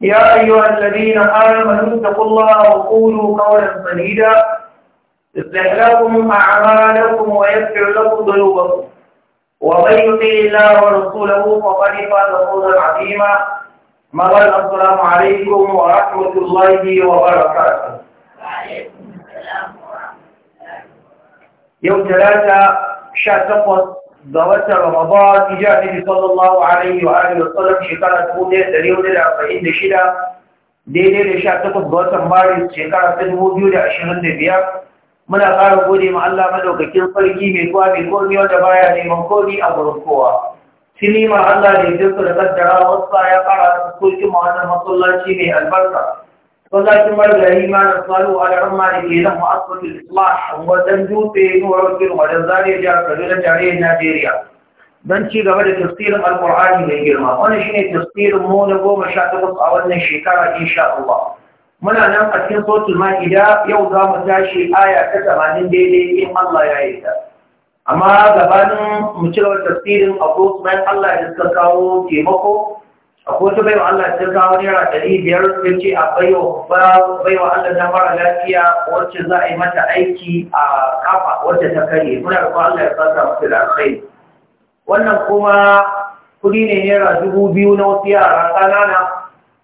يا أيها الذين آمنوا اتقوا الله وقولوا قولا سديدا يصلح لكم أعمالكم ويغفر لكم ذنوبكم ومن يطع الله ورسوله فقد فاز فوزا عظيما مرحبا السلام عليكم ورحمة الله وبركاته وعليكم السلام ورحمة الله يوم ثلاثة شهر ga watan Ramadan ija Nabi sallallahu alaihi wa alihi wa sallam shekara 1446 daidai da 18 ga watan Maris shekara 2025 muna ƙara gode ma Allah madaukakin sarki mai kuwa mai komi wanda baya neman komi a gurin kowa sinima Allah ne jinsu da kaddara wasu ya ƙara da soki ma wannan masallaci mai albarka masallacin margari ma na tsaro a da ramma da ke nan ma'asibitin islam wajen dutse nuwar wakil wajen zariya jihar kaduna tarayyar najeriya don ci gaba da tafsirin alkur'ani mai girma wannan shine tafsirin mu na goma sha takwas a wannan shekara insha Allah muna nan a cikin sotul ma'ida yau za mu tashi aya ta tamanin daidai in Allah ya yi ta amma gabanin mu ci gaba tafsirin a Allah da suka kawo taimako akwai wata baiwa Allah ta kawo naira ɗari biyar ta ce a baiwa baiwa Allah ta mara lafiya wacce za a yi mata aiki a kafa wacce ta karye muna da Allah ya fasa masu da kai. wannan kuma kuri ne nera dubu biyu na wasu yara ƙanana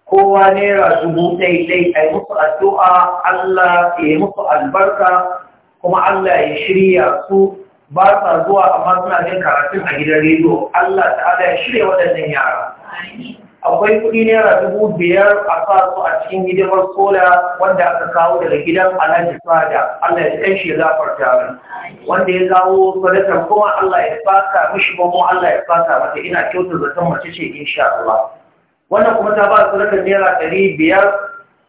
kowa nera dubu ɗai ɗai a yi musu addu'a Allah ya yi musu albarka kuma Allah ya shirya su ba sa zuwa amma suna jin karatun a gidan rediyo Allah ta ya shirya waɗannan yara. akwai kuɗi naira dubu biyar a sa su a cikin hidimar sola wanda aka kawo daga gidan alhaji fada allah ya kai shi zafarta mai wanda ya kawo sadatar kuma allah ya fata mishi ba allah ya fata mata ina kyautar zaton mace ce insha allah wannan kuma ta ba sadakar naira ɗari biyar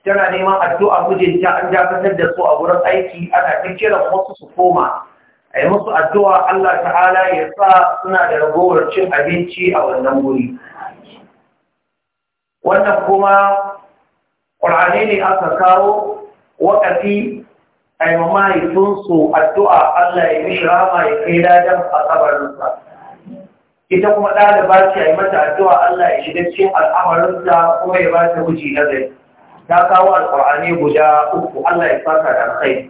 tana neman addu'a mijinta an dakatar da su a wurin aiki ana ta kiran wasu su koma a yi musu addu'a allah ta'ala ya sa suna da ragowar cin abinci a wannan wuri wannan kuma ƙur'ani ne aka kawo waƙafi a yi mahaifinsu addu'a Allah ya mishi rama ya kai dajen a tsabarinsa. Ita kuma ɗaliba ce a yi mata addu'a Allah ya shiga cikin al'amarinsa kuma ya ba ta guji na zai. Ta kawo al'ur'ani guda uku Allah ya fata da kai.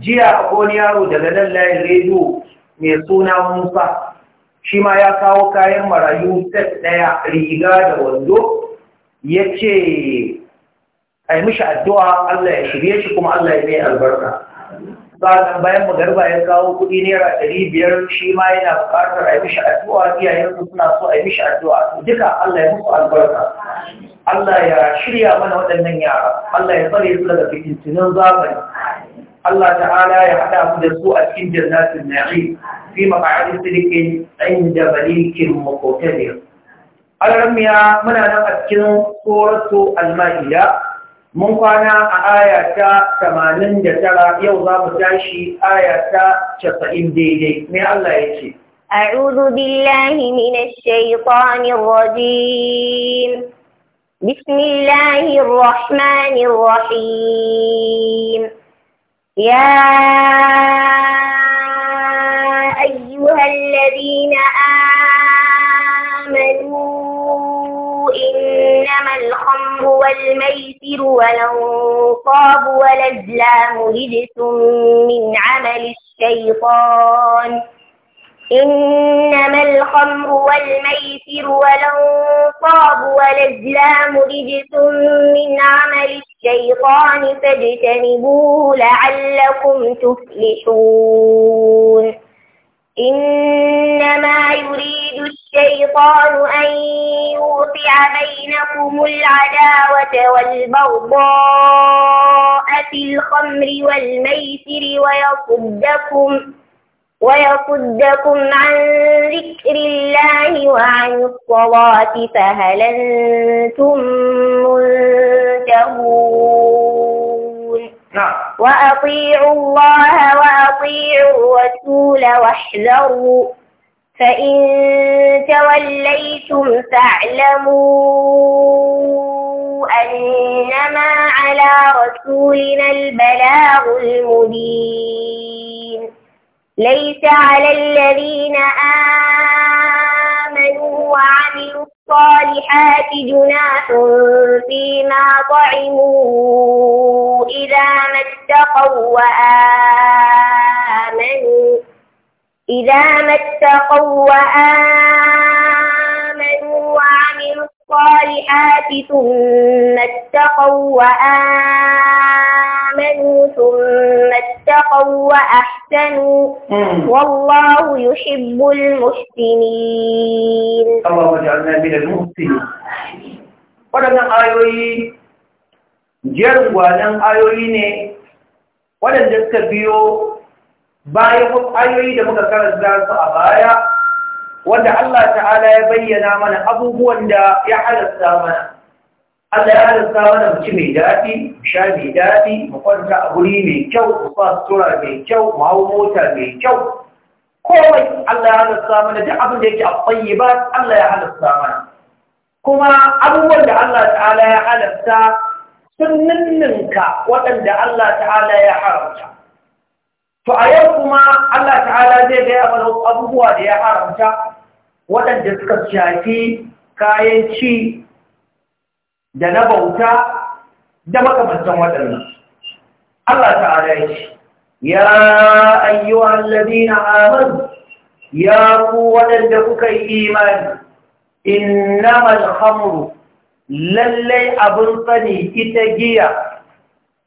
Jiya a wani yaro daga nan layin rediyo mai suna Musa, shi ma ya kawo kayan marayu set ɗaya riga da wando ya ce a yi mishi addu'a Allah ya shirye shi kuma Allah ya mai albarka sa'adun bayan magarba ya kawo kuɗi naira ɗari biyar shi ma yana buƙatar a yi mishi addu'a iyayensu suna so a yi mishi addu'a duka Allah ya musu albarka Allah ya shirya mana waɗannan yara Allah ya tsare su daga fitintunan zamani Allah ta'ala ya haɗa mu da su a cikin jannatin na'im fi maq'adi sidiqin da malikin muqtadir alramiya muna nan a cikin tsoratu alma'iya mun kwana a aya ta 89 yau za mu tashi aya ta 90 daidai mai Allah ya ce أعوذ بالله من الشيطان الرجيم بسم الله الرحمن الرحيم يا إنما الخمر والميسر والأنصاب والأزلام رجس من عمل الشيطان إنما الخمر والميسر والأنصاب والأزلام رجس من عمل الشيطان فاجتنبوه لعلكم تفلحون إنما يريد الشيطان أن يوقع بينكم العداوة والبغضاء في الخمر والميسر ويصدكم ويصدكم عن ذكر الله وعن الصلاة فهل أنتم منتهون نعم. وأطيعوا الله وأطيعوا الرسول واحذروا فإن توليتم فاعلموا أنما على رسولنا البلاغ المبين ليس على الذين آمنوا وعملوا الصالحات جناح فيما طعموا إذا ما اتقوا وآمنوا إذا ما اتقوا وآمنوا وعملوا الصالحات ثم اتقوا وآمنوا ثم اتقوا وأحسنوا والله يحب المحسنين اللهم اجعلنا من المحسنين waɗannan ayoyi jerin gwanon ayoyi ne waɗanda suka biyo bayan wasu ayoyi da muka karanta su a baya wanda Allah ta'ala ya bayyana mana abubuwan da ya halasta mana Allah ya halasta mana mu mai daɗi mu sha mai daɗi mu kwanta a guri mai kyau mu fa mai kyau mu hau mota mai kyau komai Allah ya halasta mana duk abin da yake a tsayiba Allah ya halasta mana kuma abubuwan da Allah ta'ala ya halasta sun ninninka waɗanda Allah ta'ala ya haramta To a yau kuma Allah ta'ala zai gaya wa abubuwa da ya haramta waɗanda suka shafi kayan ci da na bauta da makamantan waɗannan. Allah ta'ala ya ce, Ya allabi ladina amur, ya ku waɗanda kuka yi imani, innamal hamru lallai abin tsani ita giya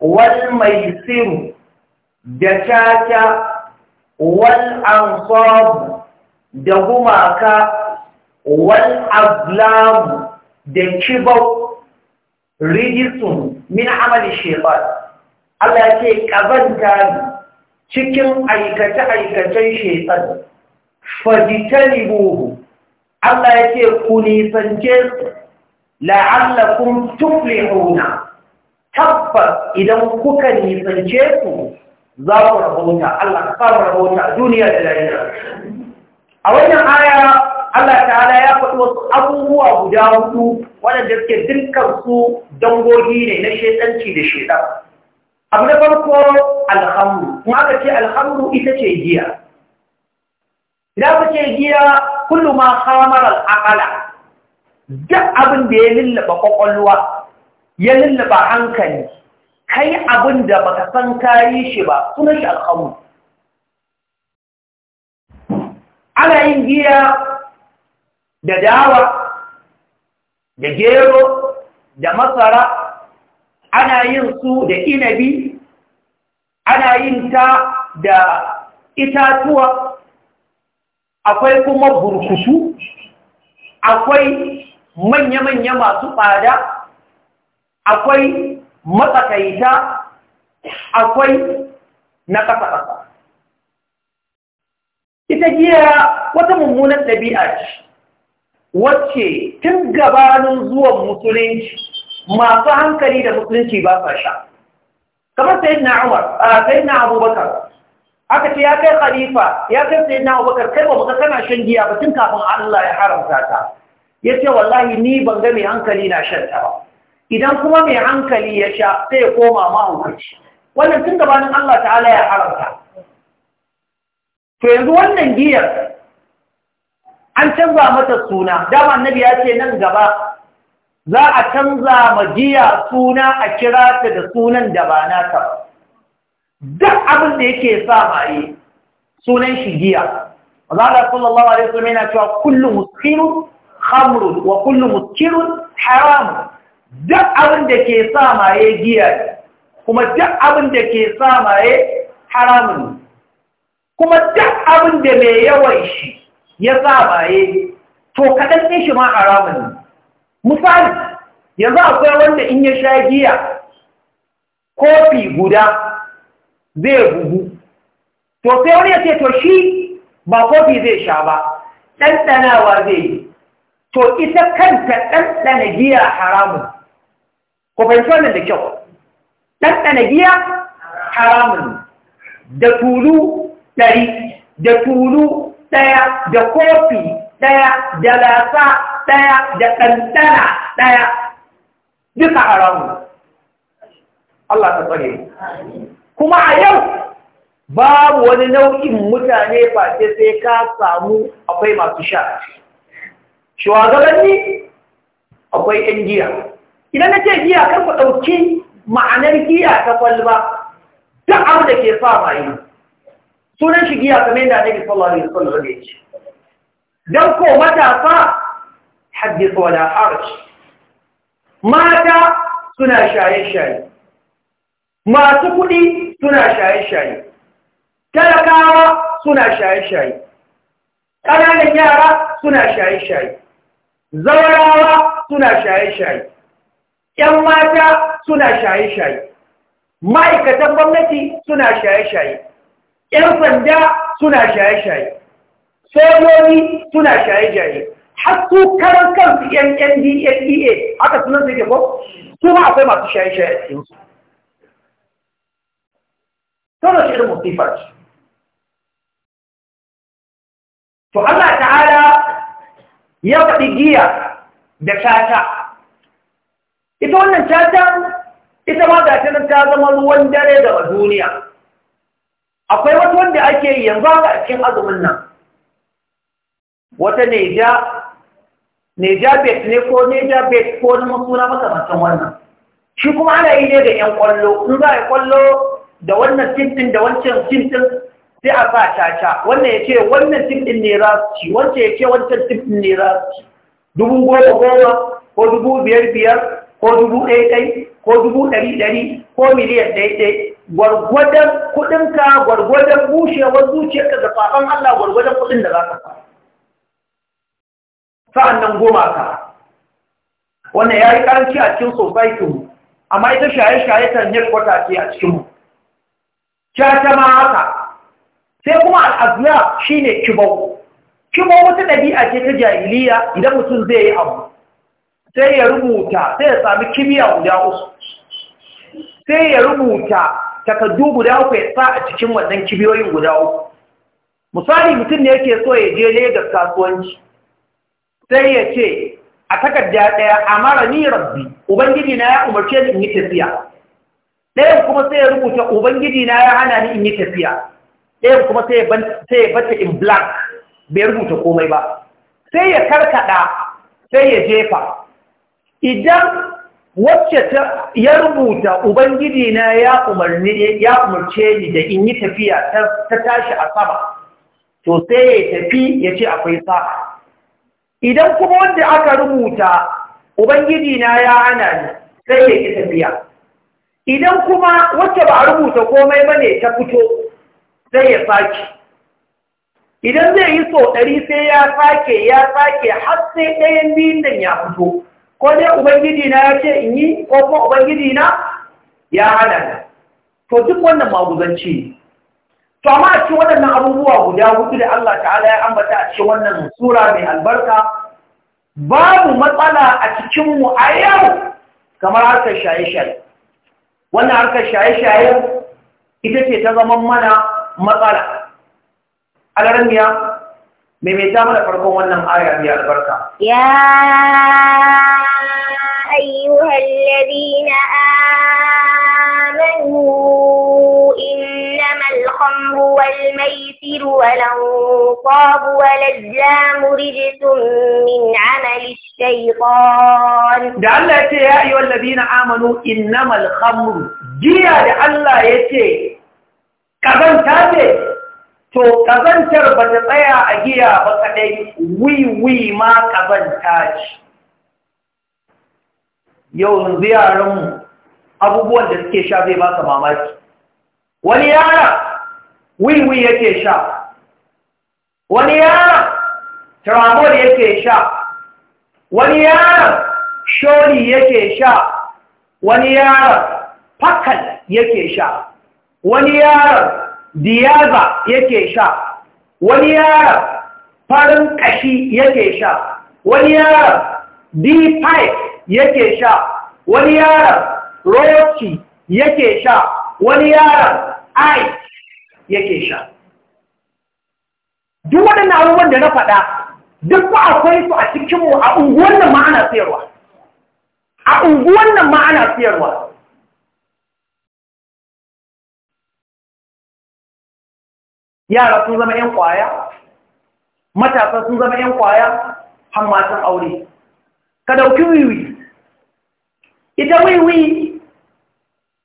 wal mai tsiru. da caca wal da gumaka wal ablam da kibau rigisun min amali shaitan Allah ce ƙabanta ne cikin aikace-aikacen shaitan fajitani buhu Allah ya ce ku nisance la'allakun tuflihuna tabbas idan kuka nisance ku za ku rahota Allah ka rahota a duniya da lahira a wannan aya Allah ta'ala ya faɗi wasu abubuwa guda hudu waɗanda suke dukkan su dangogi ne na shedanci da shedan abu na farko alhamdu kuma aka ce alhamdu ita ce giya Da aka ce giya kullu ma hamar al'aqala duk abin da ya lullaba kwakwalwa ya lullaba hankali kai abin da baka san kayi shi ba suna shi alhamu ana yin giya da dawa da gero da masara ana yin su da inabi ana yin ta da itatuwa akwai kuma burkutu akwai manya-manya masu tsada akwai matsakaita akwai na ƙasa-ƙasa. Ita giya wata mummunan ɗabi'a ce, wacce tun gabanin zuwan musulunci masu hankali da musulunci ba sa sha. Kamar sai na Umar, sai na Abubakar, aka ce ya kai khalifa, ya kai sai na Abubakar, kai ba muka kana shan giya ba tun kafin Allah ya haramta ta. Ya ce wallahi ni ban gami hankali na shan ta ba. idan kuma mai hankali ya sha sai ya koma mahaukaci wannan tun gabanin Allah ta'ala ya haramta to yanzu wannan giyar an canza mata suna dama annabi ya ce nan gaba za a canza ma giya suna a kira ta da sunan da ba nata duk abin da yake sa maye sunan shi giya Allah sallallahu alaihi wasallam yana cewa kullu muskiru khamrun wa kullu muskirun haramun duk abin da ke sa maye giya kuma duk abin da ke sa maye haramun kuma duk abin da mai yawan shi ya sa maye to kaɗan ɗin shi ma haramun misali yanzu akwai wanda in ya sha giya kofi guda zai bugu to sai wani ya ce to shi ba kofi zai sha ba ɗanɗanawa zai yi to ita kanta ɗanɗana giya haramun ku fahimci wannan da kyau ɗanɗana giya haramun da tulu ɗari da tulu ɗaya da kofi ɗaya da lasa ɗaya da ɗanɗana ɗaya duka haramun Allah ta tsare kuma a yau babu wani nau'in mutane face sai ka samu akwai masu sha shugabanni akwai 'yan giya idan na ce giya kan ku ɗauki ma'anar giya ta kwalba ta abu da ke sa maye sunan shi giya kamar yadda annabi sallallahu alaihi wasallam ya ce dan ko matasa haddith wala haraj mata suna shaye-shaye masu kuɗi suna shaye-shaye talakawa suna shaye-shaye ƙananan yara suna shaye-shaye zawarawa suna shaye-shaye ‘yan mata suna shaye-shaye, ma'aikatan gwamnati suna shaye-shaye, ‘yan sanda suna shaye-shaye, sojoji suna shaye-shaye, har su karan kansu ‘yan NDA, haka sunan su ko? Su ma akwai masu shaye-shaye a cikinsu. Tana shi irin musifar shi. To Allah ta'ala ya faɗi giya da tata. ita wannan caca ita ma ga tana ta zama ruwan dare da duniya akwai wata wanda ake yi yanzu ga a cikin azumin nan wata neja neja bet ne ko neja bet ko na masuna makamantan wannan shi kuma ana yi ne da yan kwallo in za a yi kwallo da wannan tintin da wancan tintin sai a sa caca wannan ya ce wannan tintin ne za su ci wancan ya ce wancan tintin ne za su ci dubu goma goma ko dubu biyar biyar ko dubu ɗaya ɗai ko dubu ɗari ɗari ko miliyan ɗai ɗai gwargwadon kuɗinka gwargwadon bushewar zuciyarka da faɗon Allah gwargwadon kuɗin da za ka fara sa'an nan goma ka wannan ya yi ƙaranci a cikin sosaitin mu amma ita shaye-shaye ta ne kwata ce a cikinmu ta ma haka sai kuma al'adura shi ne kibau kibau wata ɗabi'a ce ta jahiliya idan mutum zai yi abu sai ya rubuta sai ya sami kimiyya guda uku sai ya rubuta takardu guda uku ya sa a cikin wannan kibiyoyin guda uku misali mutum ne yake so ya je Legas kasuwanci sai ya ce a takarda ɗaya mara ni rabbi ubangiji na ya umarce ni in yi tafiya ɗayan kuma sai ya rubuta ubangiji na ya hana ni in yi tafiya ɗayan kuma sai ya bata in black bai rubuta komai ba sai ya karkada sai ya jefa idan wacce ya rubuta ubangiji na ya umarce ni da in yi tafiya ta tashi a sama to sai ya tafi ya ce akwai sa. idan kuma wanda aka rubuta ubangiji na ya ana ni sai ya yi tafiya idan kuma wacce ba a rubuta komai ba ne ta fito sai ya sake idan zai yi so ɗari sai ya sake ya sake har sai ɗayan biyun nan ya fito ko dai ubangiji na ya in yi ko kuma ubangiji na ya hana to duk wannan maguzanci to amma a cikin waɗannan abubuwa guda hudu da Allah ta'ala ya ambata a cikin wannan sura mai albarka babu matsala a cikin mu a yau kamar harkar shaye-shaye wannan harkar shaye-shaye ita ce ta zama mana matsala alarmiya maimaita mana farkon wannan aya mai albarka. Ya أيها الذين آمنوا إنما الخمر والميسر والأنصاب والأزلام رجس من عمل الشيطان دعلا يا أيها الذين آمنوا إنما الخمر جيا دعلا يتي كذن تابي تو كذن تربت طيا أجيا بطلين وي وي ما كذن تاجي yau yanzu yaranmu abubuwan da suke sha zai su mamaki wani yara wiwi yake sha wani yara tramol yake sha wani yara shori yake sha wani yara fakal yake sha wani yara diyaza yake sha wani yara farin kashi yake sha wani yara d pipe yake sha wani yaran royalty yake sha wani yaran ice yake sha duk waɗannan abubuwan da na faɗa duk ba akwai su a cikinmu a unguwan nan ma'ana sayarwa. a unguwan nan ma'ana siyarwa yara sun zama 'yan kwaya matasa sun zama 'yan kwaya hammatan aure ka ɗauki wiwi ita wiwi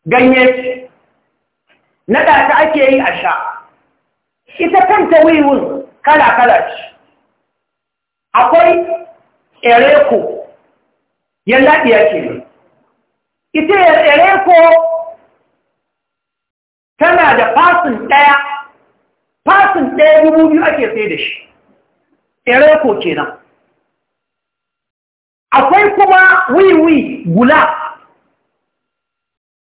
ganye na naɗa ta ake yi a sha ita kanta wiwin kala-kala ce akwai ereko yalla ya ke ita ereko tana da fasin ɗaya fasin ɗaya dubu biyu ake sai da shi ereko kenan akwai kuma wiwi gula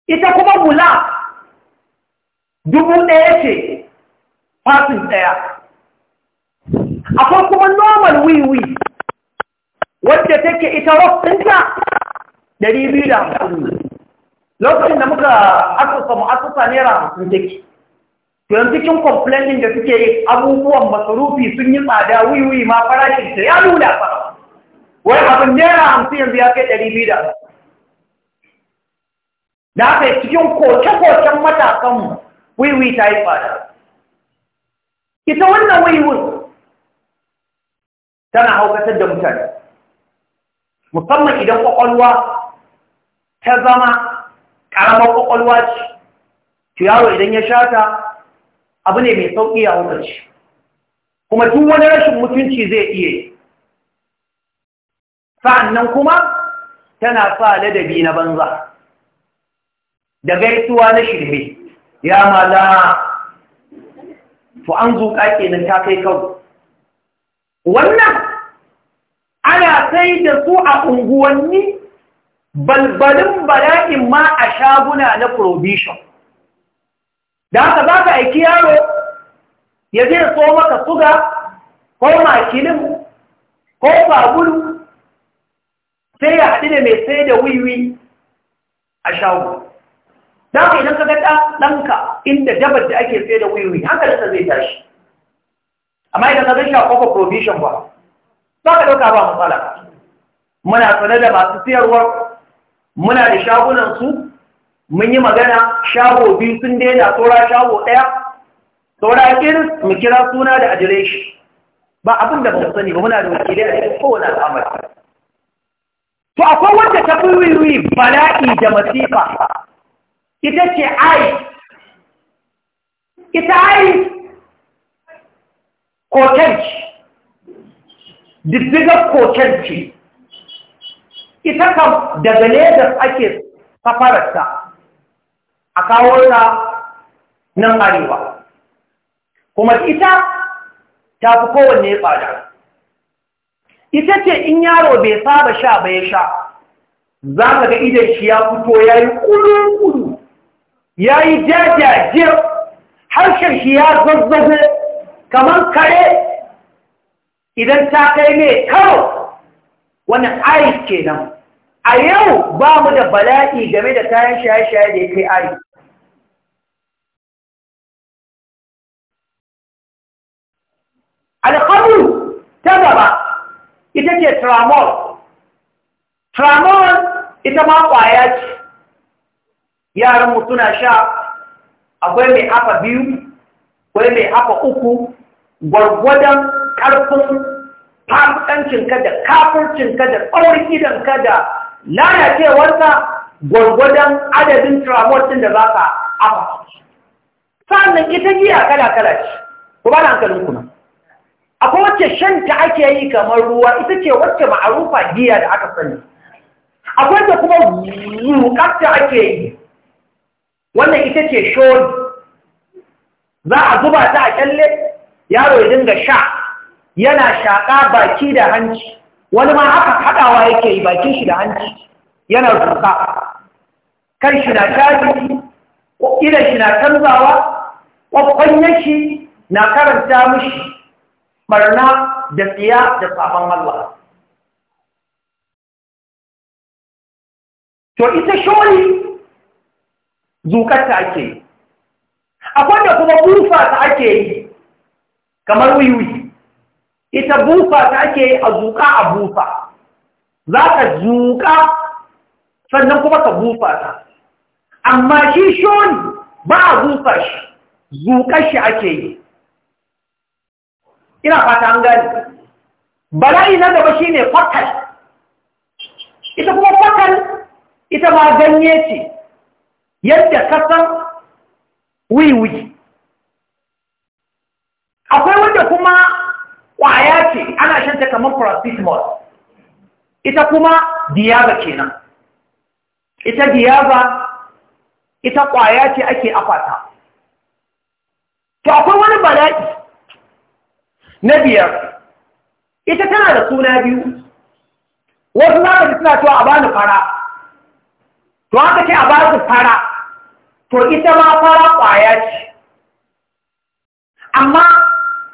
ita kuma gula dubu ɗaya ce fasin ɗaya akwai kuma normal wiwi wadda take ita rofinta ɗari biyu da hamsin lokacin da muka asusa mu asusa naira hamsin take yanzu cikin complaining da suke abubuwan masarufi sun yi tsada wiwi ma farashin ta ya nuna fara wai abin naira hamsin yanzu ya kai ɗari biyu da da yi cikin koke-koken matakanmu wiwi ta yi fada ita wannan wiwi tana haukatar da mutane musamman idan kwakwalwa ta zama ƙaramar kwakwalwa ce ki yaro idan ya shata abu ne mai sauƙi a hukunci kuma tun wani rashin mutunci zai iya yi sa'annan kuma tana sa ladabi na banza da gaisuwa na shirme ya mala to an zuƙa kenan ta kai kawo wannan ana sai da su a unguwanni balbalin bala'in ma a shaguna na provision da aka za ka aiki yaro ya zai so maka suga ko makilin ko fagulu sai ya haɗu da mai sai da wiwi a shago da ka idan ka ga ɗanka inda dabar da ake sai da wiwi da zai tashi amma idan ka ga shafafa provision ba za ka ɗauka ba matsala muna sane da masu siyarwar muna da shagunansu mun yi magana shago biyu sun daina saura shago ɗaya saura irin mu kira suna da adireshi ba abin da ba sani ba muna da wakilai a cikin kowane al'amari to akwai wanda ta fi wiri bala'i da masifa ita ce ai ita ai kotanci diddigar kotanci ita kam daga lagos ake safararsa a kawo nan arewa kuma ita ta fi kowanne tsada ita ce in yaro bai saba sha ba ya sha za ka ga idan shi ya fito ya yi ƙudu-ƙudu ya yi jajaje harshen shi ya zazzabe kamar kare idan ta kai mai karo wani aris kenan a yau ba mu da bala'i game da kayan shaye-shaye da ya kai aris ne tramol tramol ita ma kwaya ce yaran mu suna sha akwai mai hafa biyu akwai mai hafa uku gwargwadon ƙarfin fafikancinka da kafircinka da tsaurin gidanka da lalacewarta gwargwadon adadin tramol ɗin da za ka haka sannan ita giya kala-kala ce ku ba da hankalin kuma akwai wacce shanta ake yi kamar ruwa ita ce wacce ma'arufa giya da aka sani akwai da kuma rukatta ake yi wannan ita ce shoni za a zuba ta a kyalle yaro ya dinga sha yana shaƙa baki da hanci wani ma haka haɗawa yake yi bakin shi da hanci yana zuƙa. kan shi na shaƙi idan shi na canzawa ƙwaƙwanyen shi na karanta mushi barna da tsiya da sabon Allah to ita shori zukatta ake yi akwai da kuma bufa ta ake yi kamar wiwi ita bufa ta ake yi a zuka a bufa za ka zuka sannan kuma ka bufa ta amma shi shoni ba a bufa shi zuka shi ake yi ina fata an gani bala'i na gaba shi ne fatal ita kuma fatal ita ma ganye ce yadda kasan wiwi akwai wanda kuma kwaya ce ana shanta kamar paracetamol ita kuma diyaba kenan ita diyaba ita kwaya ce ake afata to akwai wani bala'i na biyar ita tana da suna biyu wasu za ka ji suna cewa a bani fara to haka ce a ba su fara to ita ma fara kwaya ce amma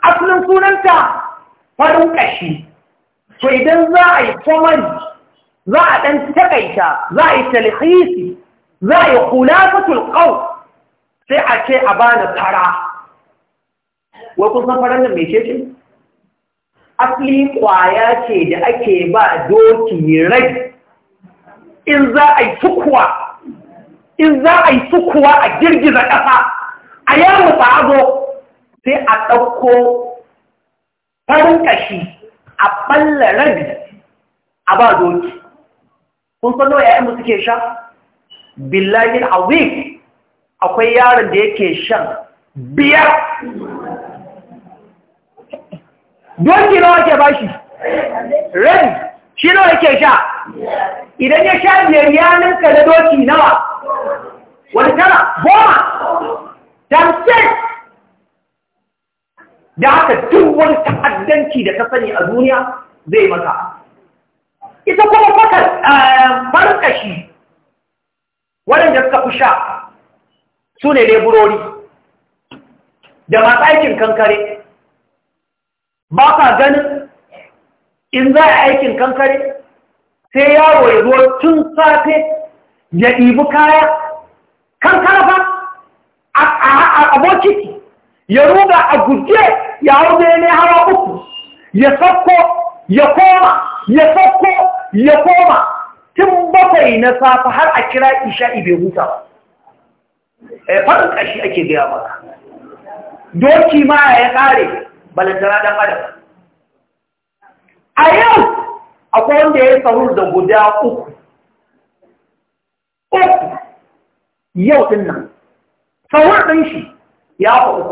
asalin sunanta farin ƙashi to idan za a yi komari za a ɗan taƙaita za a yi talhisi za a yi kulafatul ƙau sai a ce a bani fara wai kun san faran nan mece ce Asli kwaya ce da ake ba doki rai in za a yi sukuwa in za a yi sukuwa a girgiza ƙasa a yawon sa'ago sai a ɗauko farin ƙashi a ɓalla rabi a ba doki kun ya yi musu suke sha billahin a week akwai yaron da yake shan biyar doki nawa ke bashi Ren shi nawa yake sha idan ya sha biyar ya ka da doki nawa wani tara goma tamsin da haka duk wani ta'addanci da ta sani a duniya zai maka ita kuma fakar farkashi eh, waɗanda suka fi sha su ne leburori da masu aikin kankare ba ka ganin in za a aikin kankare sai yaro ya zo tun safe ya ɗibi kaya kankara fa a bokiti, ya ruga a guje ya hau ne hawa uku ya sakko ya koma ya ya koma tun bakwai na safe har a kira isha ibe huta ba eh, faɗin ƙashi ake gaya maka doki ma ya ƙare balantara dan adam a yau akwai wanda ya yi sahur da guda uku uku yau din nan sahur ɗin shi ya fa uku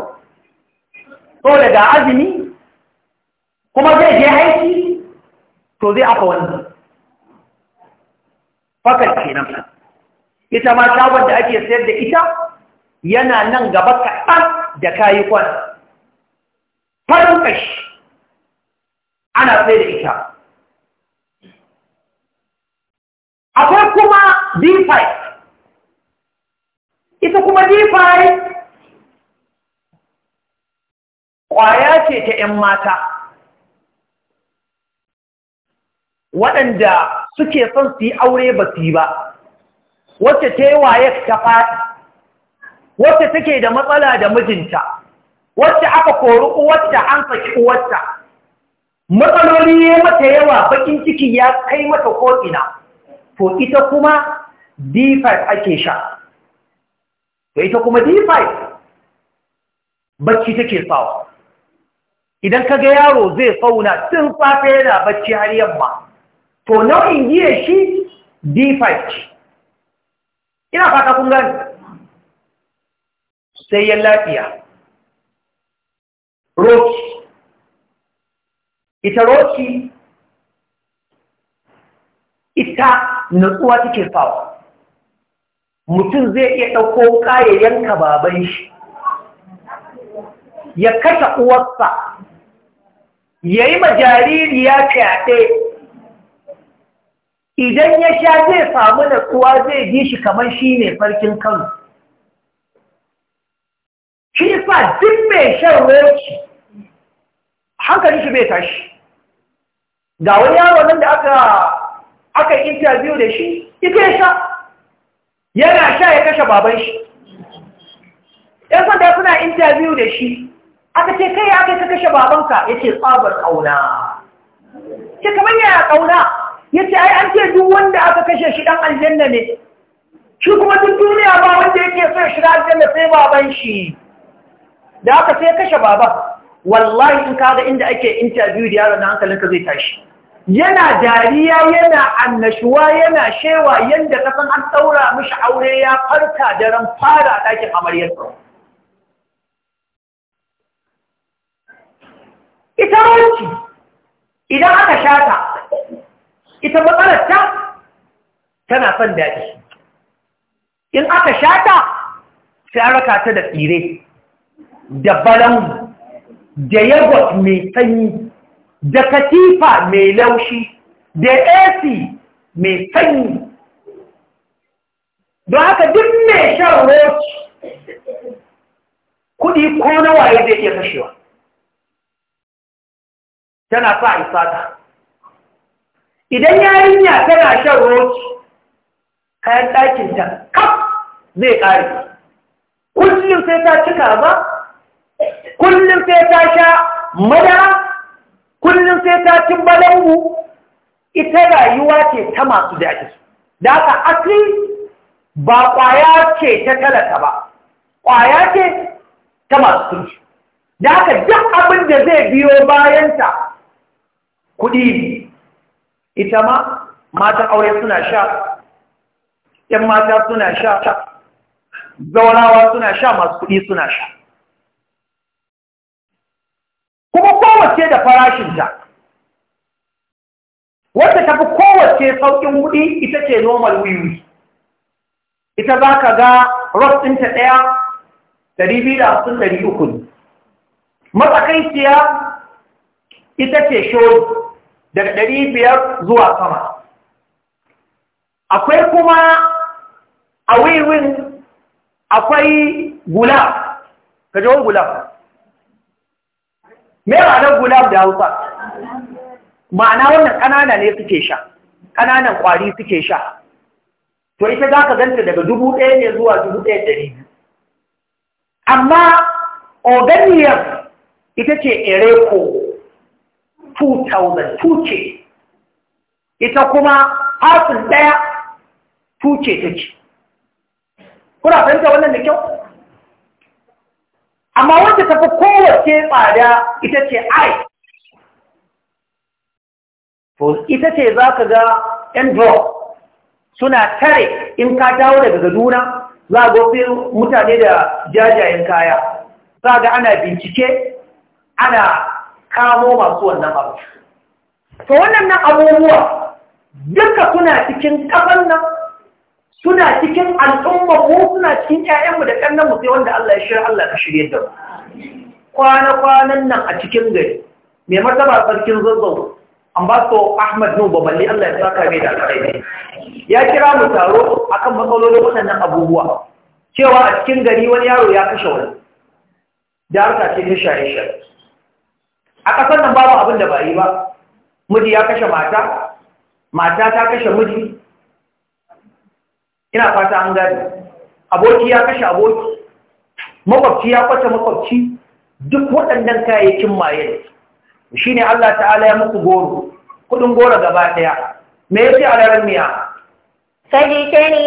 so daga azumi kuma zai je aiki to zai aka wannan fakar kenan ita ma shagon da ake sayar da ita yana nan gaba kaɗan da kayi kwan farin ƙashi ana sai da ita akwai kuma d5 ita kuma d5 ƙwaya ce ta 'yan mata waɗanda suke son su yi aure ba su yi ba wacce ta yi waye ta faɗi wacce take da matsala da mijinta wacce aka kori uwarta an saki uwarta matsaloli ya mata yawa bakin ciki ya kai mata ko'ina to ita kuma d5 ake sha to ita kuma d5 bacci take sawa idan ka ga yaro zai fauna, tun safe yana bacci har yamma to nau'in giya shi d5 ce ina fata kun gani sai ya lafiya roci ita roci ita natsuwa take fawa. mutum zai iya ɗauko wuka ya yanka baban shi ya kashe uwarsa ya yi jariri ya fyaɗe idan ya sha zai samu natsuwa zai ji shi kamar shi ne farkin kanu sa duk mai shan roci hankali shi bai tashi ga wani yaro nan da aka aka interview da shi ita ya sha yana sha ya kashe baban shi ɗan sanda suna interview da shi aka ce kai aka ka kashe babanka ya ce tsabar ƙauna ce kamar yaya ƙauna ya ce ai an ce duk wanda aka kashe shi ɗan aljanna ne shi kuma duk duniya ba wanda yake so shiga aljanna sai baban shi da haka sai kashe baba wallahi in kaga inda ake interview da yaron nan ka zai tashi yana dariya yana annashuwa yana shewa yanda ka san an daura mishi aure ya farka da ran fara dakin amaryarsa ita ranci idan aka shata ita matsalar ta tana son dadi in aka shata sai an raka ta da tsire da balan, da yabo mai sanyi da katifa mai laushi da ac mai sanyi don haka duk mai shan roci kudi ko na waye zai iya kashewa tana sa isata idan ya tana shan roci kayan ɗakinta kaf zai ƙare kullum sai ta cika ba kullum sai ta sha madara kullum sai ta cin balangu ita rayuwa ce ta masu daɗi da aka ba ƙwaya ce ta talaka ba ƙwaya ce ta masu kunshi da aka duk abin da zai biyo bayanta kuɗi ita ma matan aure suna sha ‘yan mata suna sha zaurawa suna sha masu kuɗi suna sha kuma kowace da farashinta wadda ta fi kowace sauƙin kuɗi ita ce normal wiwi ita za ka ga ross ɗinta ɗaya 250-300 ne matsakaiciya ita ce shori daga 500 zuwa sama akwai kuma a wiwin akwai gula ka gula me ma'anar gulab da hausa ma'ana wannan ƙanana ne suke sha ƙananan ƙwari suke sha to ita za ka ganta daga dubu ɗaya ne zuwa dubu ɗaya ɗari biyu amma organiyar ita ce ereko 2002 ce ita kuma fasin ɗaya tuce ta ce kuna fahimta wannan da kyau amma wanda tafi kowace tsada ita ce ai to ita ce za ka ga yan drop suna tare in ka dawo daga gaduna za a gofe mutane da jajayen kaya za ga ana bincike ana kamo masu wannan abu to wannan abubuwa duka suna cikin kafan nan suna cikin al'umma ko suna cikin ƴaƴanmu da ƙannan mu sai wanda Allah ya shirya Allah ya shirye da mu kwana-kwanan nan a cikin gari mai martaba sarkin zazzau ambaso Ahmad nu balle Allah ya saka mai da alƙairi ya kira mu taro akan matsalolin waɗannan abubuwa cewa a cikin gari wani yaro ya kashe wani da harka ce ta shaye-shaye a ƙasar nan babu abin da ba yi ba miji ya kashe mata mata ta kashe miji ina fata an gani aboki ya kashe aboki makwabci ya kwace makwabci duk waɗannan kayayyakin maye shi ne Allah ta'ala ya muku goro kudin goro gaba ɗaya me yake a larar miya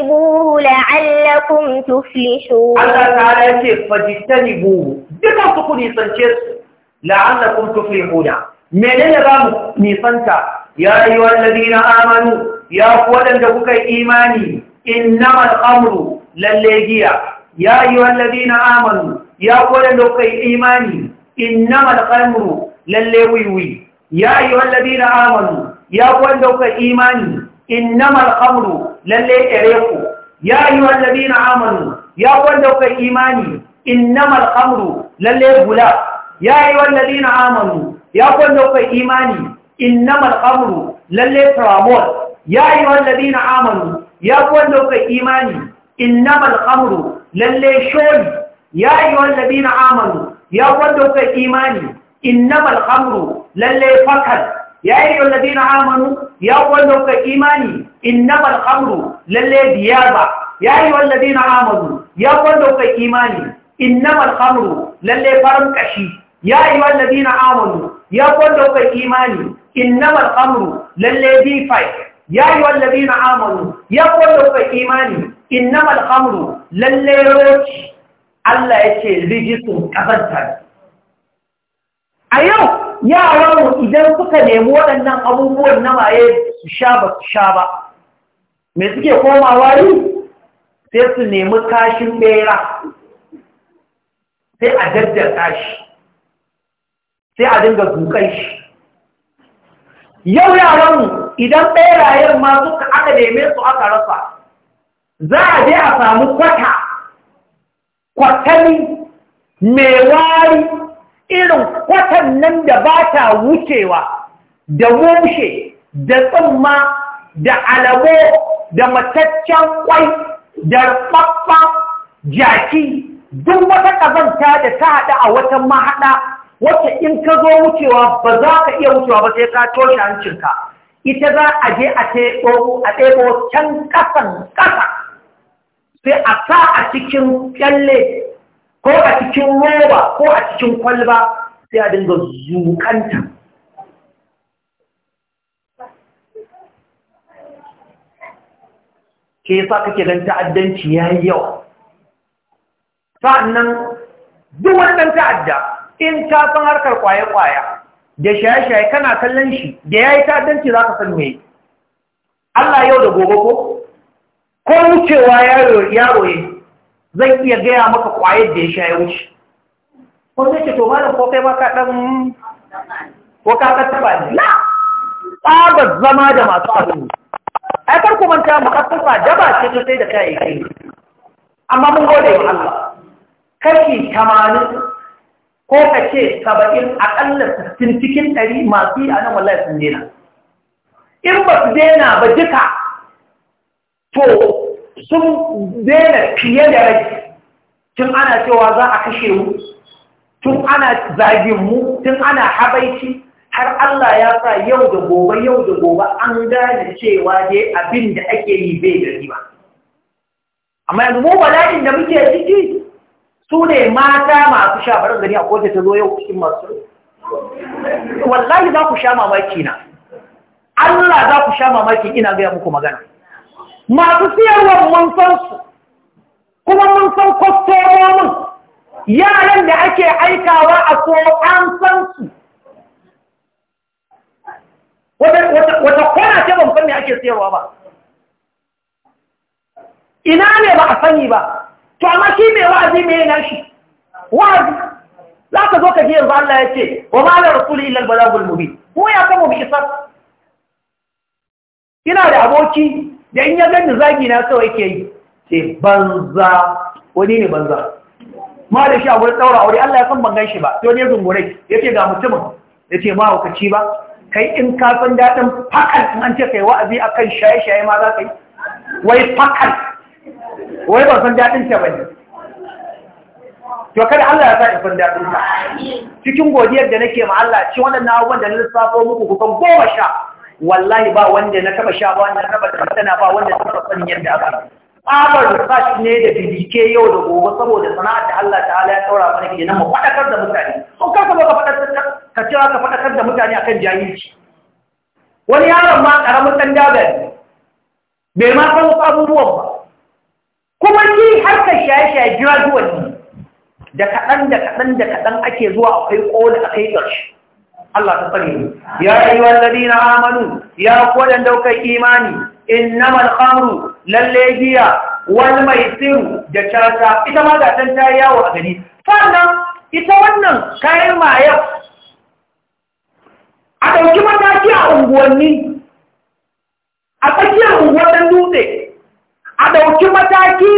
buhu, la'allakum tuflihun Allah ta'ala ya ce buhu, duka su ku nisance su la'allakum tuflihuna menene za mu nisanta ya ayyuhal ladina amanu ya ku waɗanda kuka yi imani Inna al-amru lalle giya ya ayyuhal ladina amanu ya kowa da imani innama al-amru lalle wiwi ya ayyuhal ladina amanu ya kowa da imani innama al-amru lalle ereku ya ayyuhal ladina amanu ya kowa da imani innama al-amru lalle gula ya ayyuhal ladina amanu ya kowa imani innama al lalle tramol ya ayyuhal amanu ya fi wanda kuka imani innamal amru lalle shori ya yi wallabi na amanu ya fi wanda kuka imani innamal amru lalle fakar ya yi wallabi na amanu ya fi wanda kuka imani innamal amru lalle biyar ba ya yi wallabi na amanu ya fi wanda kuka imani innamal amru lalle farin kashi ya yi wallabi na amanu ya fi wanda kuka imani innamal amru lalle bi fai ya yi wallabi na amonu ya kwallo ka imani in al'amuru lalle roci Allah ya ce rijisun ƙazanta a yau yaranmu idan suka nemi waɗannan abubuwan na maye su sha ba su sha ba mai suke komawa yi sai su nemi kashin bera sai a daddar kashi sai a dinga zukai shi yau yaran idan ɓerayen ma suka aka neme su aka rasa za a je a samu kwata kwatani mai wari irin kwatan nan da ba ta wucewa da mushe da tsumma da alabo da mataccen kwai da rufaffa jaki duk wata ƙazanta da ta haɗa a wata mahaɗa wacce in ka zo wucewa ba za ka iya wucewa ba sai ka toshe hancinka ita za a je a teɓo a teɓo can ƙasan ƙasa sai a sa a cikin kyalle ko a cikin roba ko a cikin kwalba sai a dinga zukanta ke sa kake don ta'addanci ya yi yawa sa'annan duk wannan ta'adda in ka san harkar kwaye-kwaya da shaye-shaye kana kallon shi da ya yi ta'addanci za ka san me Allah yau da gobe ko ko wucewa yaro ya zan iya gaya maka kwaye da ya shaye wuce ko zai ce to malam ko kai baka dan ko ka ka ne la tsaba zama da masu abin ai kar ku manta mu kasafa daba ce sosai sai da kai amma mun gode wa Allah kashi 80 ko ka ce saba'in aƙalla sassin cikin ɗari masu yi a nan wallahi sun dena in ba su dena ba duka to sun dena fiye da rai tun ana cewa za a kashe mu tun ana zagin mu tun ana habaici har Allah ya sa yau da gobe yau da gobe an gane cewa dai abin da ake yi bai da riba amma yanzu mu bala'in da muke ciki su ne mata masu sha farar gani a kowace ta zo yau cikin masu wallahi za ku sha mamaki na Allah za ku sha mamaki ina gaya muku magana masu siyarwar mun san su kuma mun san kwastomomin yaran da ake aikawa a so an san su wata kwana ce ban san me ake siyarwa ba ina ne ba a sani ba to amma shi mai wazi mai yana shi wazi za ka zo ka ji yanzu Allah ya ce wa ma la rasul illa al balagul mubin ko ya kama bi isa ina da aboki da in ya gani zagi na kawai yake yi ce banza wani ne banza ma da shi a wurin daura aure Allah ya san ban ganshi ba to ne zungure yace ga mutumin yace ma ci ba kai in ka san dadin fakal in an ce kai wa'azi akan shaye-shaye ma za ka yi wai fakal wai ban san daɗin ta bane to kada Allah ya sa in san daɗin ta cikin godiyar da nake ma Allah ci wannan abubuwan da na lissafo muku kusan goma sha wallahi ba wanda na taba sha ba wanda na taba tana ba wanda na taba sanin yadda aka da research ne da bincike yau da gobe saboda sana'ar da Allah ta'ala ya tsora mana kenan mu faɗakar da mutane ko kasa ba ka faɗakar ka cewa ka faɗakar da mutane akan jahilci wani yaron ma ƙaramin ɗan dagar bai ma san wasu abubuwan ba kuma shi harkar shaye-shaye gradual ne da kaɗan da kaɗan da kaɗan ake zuwa akwai ƙoli a kai ƙarshe Allah ta tsari ne ya yi wallabi na amalu ya kodan daukar imani innamal khamru lalle giya mai tsiru da cata ita ma ga ta tayi yawo a gani sannan ita wannan kayan maya a ɗauki mataki a unguwanni a tsakiyar unguwannin dutse a ɗauki mataki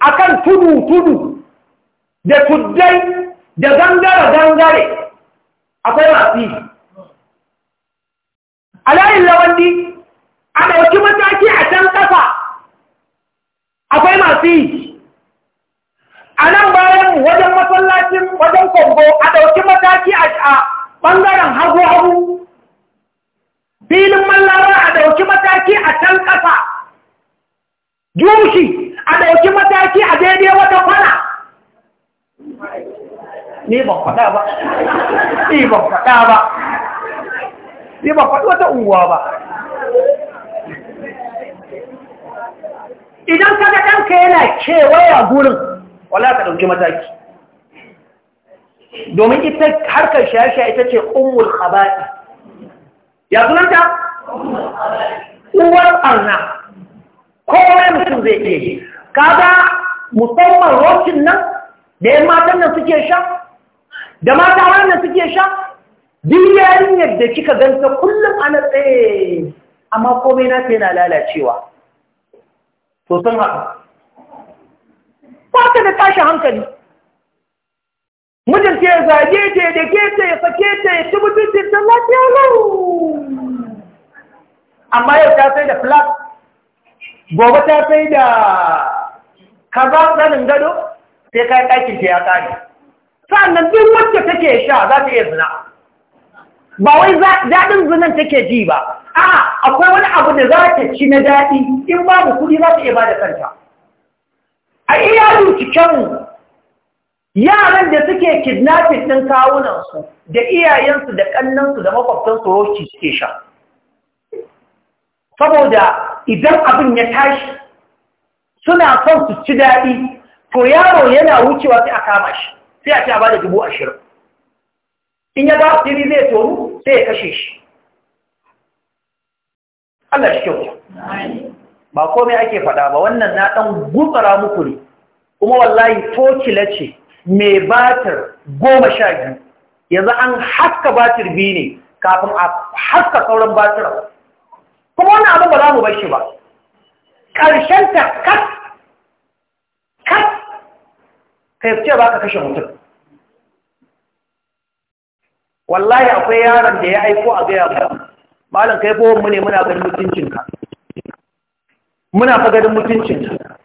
a kan tudu-tudu da tuddai da zangare-zangare akwai masu yi a layin lawandi a ɗauki mataki a can ƙasa akwai masu yi a nan bayan wajen masallacin wajen kongo a ɗauki mataki a ɓangaren hagu-hagu filin mallawa a ɗauki mataki a can ƙasa jushi a ɗauki mataki a daidai wata kwana ni ba faɗa ba ni ban faɗa ba ni ban faɗi wata unguwa ba idan ka ga ɗanka yana kewaya gurin wala ka ɗauki mataki domin ita harkar shasha ita ce umul khaba'i ya sunanta uwar arna kowai mutum zai iya shi kaga musamman rokin nan da yan matan nan suke sha da mata nan suke sha duk yadda da kika ganta kullum ana tsaye amma komai na yana lalacewa to sun haɗu ba ta da tashi hankali mijin ke zage ce da ke ce ya sake ce ya ci mutuncin ta lafiya lau amma yau ta sai da flak gobe ta sai da kaza zanin gado sai kai ɗakin ta ya kare sannan duk wacce take sha za ta iya zina ba wai daɗin zinan take ji ba a akwai wani abu da za ta ci na daɗi in ba babu kuɗi za ta iya ba da kanta a iya cikinmu yaran da suke kidnapping ɗin kawunansu da iyayensu da ƙannansu da makwabtansu roci suke sha saboda idan abin ya tashi suna son su ci daɗi to yaro yana wucewa sai a kama shi sai a ce a ba dubu ashirin in ya ga asiri zai toru sai ya kashe shi Allah shi kyau ba komai ake faɗa ba wannan na ɗan gutsara muku ne kuma wallahi tokila ce mai batir goma sha biyu yanzu an haska batir biyu ne kafin a haska sauran batirar kuma wani abu ba za mu bar shi ba ƙarshen ta kas kas ka yi ce ba ka kashe mutum wallahi akwai yaron da ya aiko a gaya ba malam kai ko mu ne muna ganin mutuncinka muna fa ganin mutuncinka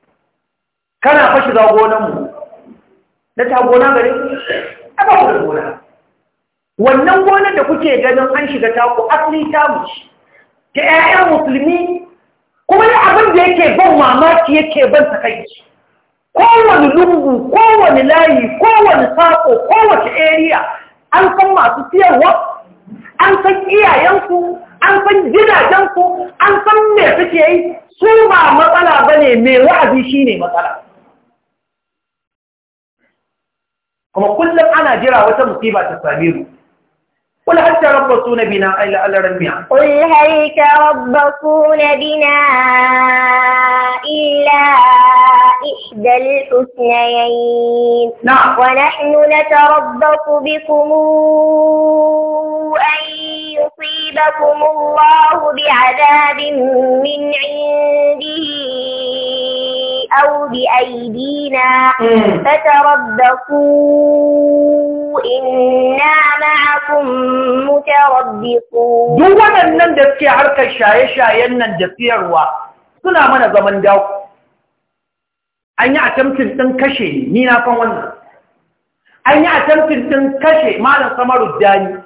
kana fa shiga gonanmu na ta gona gare a ba ku da gona wannan gonar da kuke ganin an shiga taku asali ta mu da 'ya'yan musulmi kuma ne abin da yake ban mamaki yake ban takaici kowane lungu kowane layi kowane sako kowace Eriya, an san masu siyarwa an san iyayensu an san gidajensu an san me suke yi su ba matsala ba ne mai wa'azi shi ne matsala kuma kullum ana jira wata musiba ta same قل هل تربصون بنا إلا على قل هل تربصون بنا إلا إحدى الحسنيين نعم ونحن نتربص بكم أن يصيبكم الله بعذاب من عنده أو بأيدينا فتربصوا إنا معكم متربصون duk waɗannan da suke harkar shaye-shayen nan da siyarwa suna mana zaman dawo an yi attempting ɗin kashe ni na kan wannan an yi attempting ɗin kashe malam samaru dani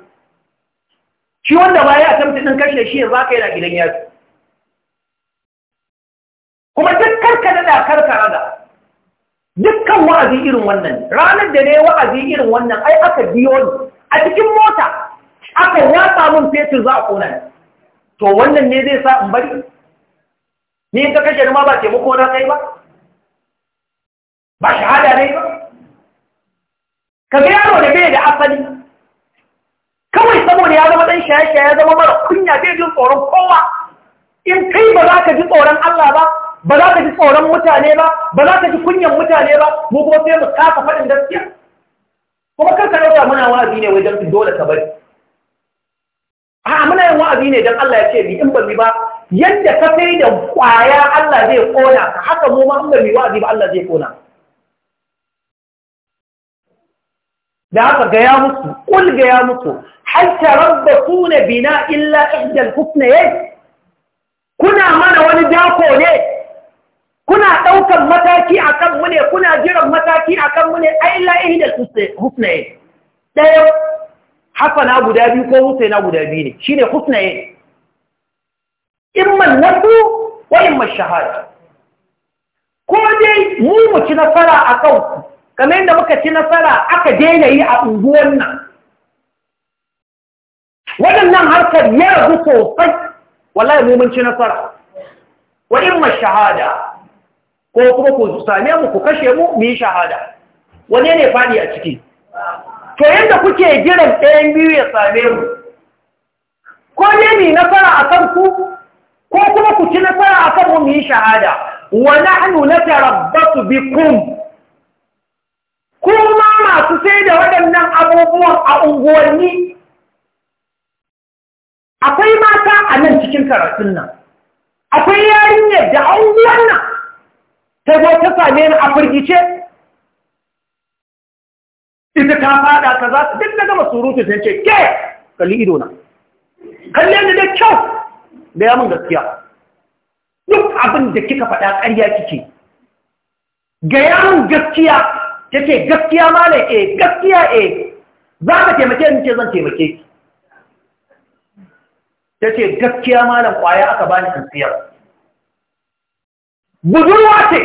shi wanda ba ya attempting ɗin kashe shi yanzu aka yana gidan yaki kuma duk karka da karka rada dukkan wa'azi irin wannan ranar da ne wa'azi irin wannan ai aka biyo ni a cikin mota aka yatsa min fetur za a kona to wannan ne zai sa in bari ni ka kashe ni ma ba taimako na kai ba ba shahada ne ba ka ga yaro da bai da asali kawai saboda ya zama dan shaye-shaye ya zama mara kunya bai jin tsoron kowa in kai ba za ka ji tsoron Allah ba ba za ka ji tsoron mutane ba ba za ka ji kunyan mutane ba mu kuma sai mu kafa faɗin gaskiya kuma kanka ɗauka, muna wa'azi ne wajen su dole ka bari a muna yin wa'azi ne don Allah ya ce bi in ba mi ba yadda ka sai da kwaya Allah zai kona ka haka mu ma in ba mi wa'azi ba Allah zai kona da haka gaya musu kul gaya musu hal tarabbasuna bina illa ihdal husnayn kuna mana wani dako ne kuna ɗaukan mataki a kan mu ne kuna jiran mataki a kan mu ne ai la'ihi da husnaye ɗaya na guda biyu ko na guda biyu ne shi ne husnaye imman nasu wa imman shahada ko dai mu mu ci nasara a kanku kamar yadda muka ci nasara aka daina yi a unguwan nan waɗannan harkar ya ragu sosai wallahi mu mun ci nasara wa imman shahada ko kuma ku same mu ku kashe mu mu yi shahada wane ne faɗi a ciki to yadda kuke jiran ɗayan biyu ya same mu ko ne mu nasara a kan ku ko kuma ku ci nasara a kan mu mu yi shahada wa nahnu natarabbasu bikum kuma masu sai da waɗannan abubuwan a unguwanni akwai mata a nan cikin karatun nan akwai yarinyar da unguwan nan sai zo ta same ni a firgice ita ta fada ka za ta duk da gama surutu sai ce ke kalli ido na kalle ni da kyau da yamin gaskiya duk abin da kika faɗa ƙarya kike ga yamin gaskiya ta ce gaskiya ma ne e gaskiya e za ka taimake ni ce zan taimake ki ta ce gaskiya malam kwaya aka bani in siyar Buduwa ce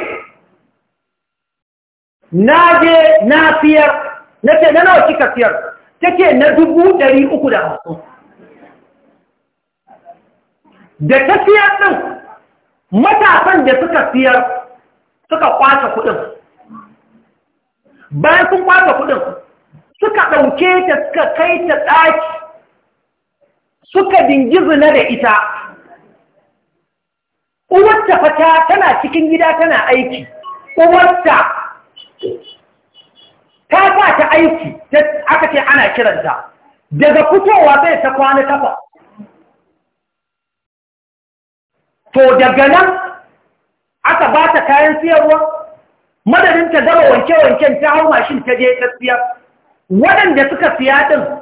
na je na siyar na ce na nawa kika siyar take na dubu ɗari uku da hamsin da ta siyar ɗin matasan da suka siyar suka kwata kuɗin bayan sun kwata kuɗin suka ɗauke ta suka kai ta ɗaki suka dingizina da ita uwarta fata tana cikin gida tana aiki uwarta Ta ba ta aiki aka ce ana kiranta daga fitowa zai ta kwana kafa to daga nan aka ba ta kayan siyarwa madadin ta zama wanke-wanken ta hau mashin ta je ta waɗanda suka siya ɗin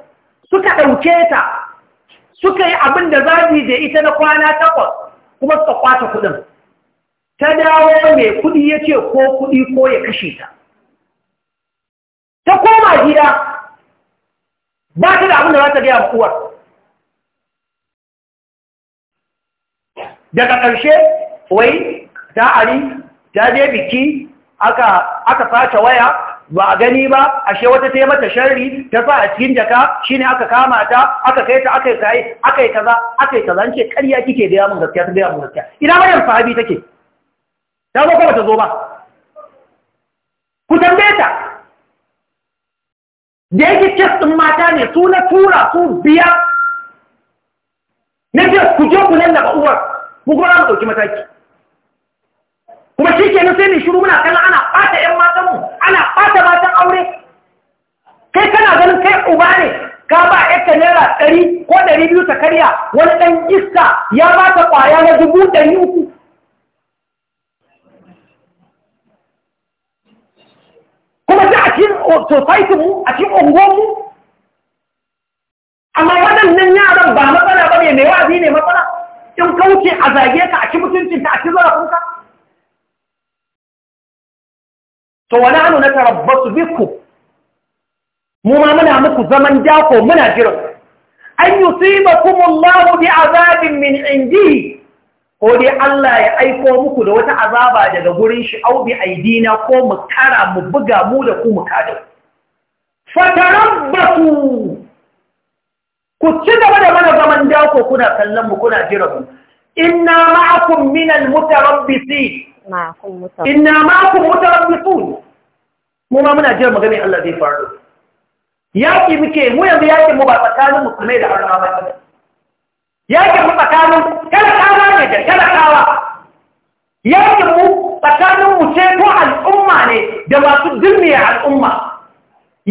suka ɗauke ta suka yi abin da zafi da ita na kwana takwas kuma suka kwata kuɗin ta dawo mai kuɗi ya ce ko kuɗi ko ya kashe ta ta koma gida ba ta da abin da za ta gaya kuwa daga ƙarshe wai ta ari ta je biki aka fata waya ba a gani ba ashe wata ta yi mata sharri ta sa a cikin jaka ne aka kama ta aka kai ta aka yi aka yi kaza aka yi kaza ce ƙarya kike da yamun gaskiya ta da yamun gaskiya ina maryam sahabi take ta zo kuma ta zo ba ku tambaye ta da yake kes ɗin mata ne su na tura su biya na biya ku je ku lallaba uwar ku kuma mu ɗauki mataki kuma shi ke sai ne shiru muna kallon ana ɓata ‘yan matanmu ana ɓata matan aure kai kana ganin kai uba ne ka ba ‘yarka naira ɗari ko ɗari biyu ta karya wani ɗan iska ya ba ta kwaya na dubu ɗari uku cikin society mu a cikin unguwar amma waɗannan yaran ba matsala ba ne mai wazi ne matsala in kauce a zage ka a ci mutuncin ka a ci zarafin ka to wani hannu na tarabbasu biku mu ma muna muku zaman jako muna jiran an yusibakum bi azabin min indihi ko dai Allah ya aiko muku da wata azaba daga gurin shi au bi aidina ko mu kara mu buga mu da ku mu kada fatarabbatu ku ci gaba da mana zaman dako kuna kallon mu kuna jira mu inna ma'akum min al-mutarabbisin ma'akum mutarabbisun inna ma'akum mutarabbisun mu ma muna jira maganin Allah zai faru yaki muke mu yanzu yakin mu ba tsakanin musulmai da arna ba yakin mu tsakanin kala ne da talakawa yakin mu tsakanin mu ceto al'umma ne da masu dirmiya al'umma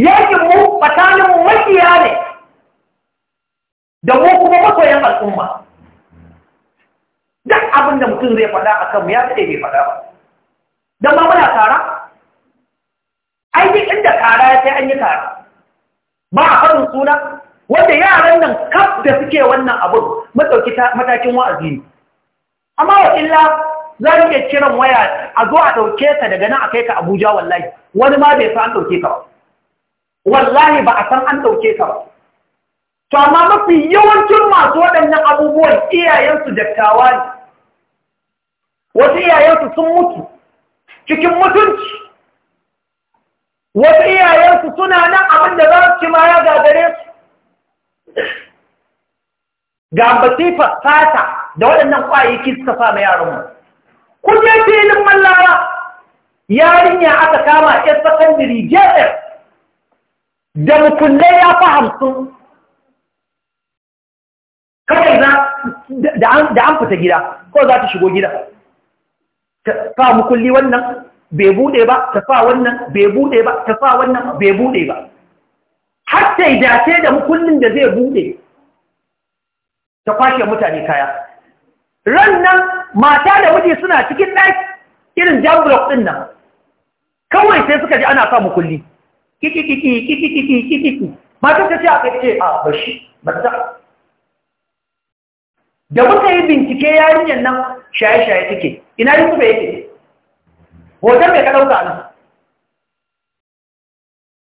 yakin mu tsakanin makiya ne da mu kuma masoyan al'umma duk abin da mutum zai faɗa a kanmu ya daɗe bai faɗa ba don ma muna tara ai duk inda tara ya sai an yi tara ba a farin suna wanda yaran nan kaf da suke wannan abin matakin wa'azi ne amma wa illa za ka iya kiran waya a zo a ɗauke ka daga nan a kai ka abuja wallahi wani ma bai san an ɗauke ka ba wallahi ba a san an ɗauke ka ba to amma mafi yawancin masu waɗannan abubuwan iyayensu dattawa ne wasu iyayensu sun mutu cikin mutunci wasu iyayensu suna nan abin da za su ci ma ya gagare su ga basifa sata da waɗannan ƙwayoyi suka sa ma mu. kun je filin mallara yarinya aka kama yan sakandiri jefes da mukullai ya fi hamsin kawai da an fita gida ko za ta shigo gida ta sa mukulli wannan bai bude ba ta sa wannan bai bude ba ta sa wannan bai bude ba har ta yi da mukullin da zai bude ta kwashe mutane kaya Rannan, mata da waje suna cikin ɗaki irin jam ɗin nan kawai sai suka ji ana sa kulli kikikiki kikikiki kikiki mata ta ce a kai ce a bashi da bincike yarinyar nan shaye-shaye ina yi hoton nan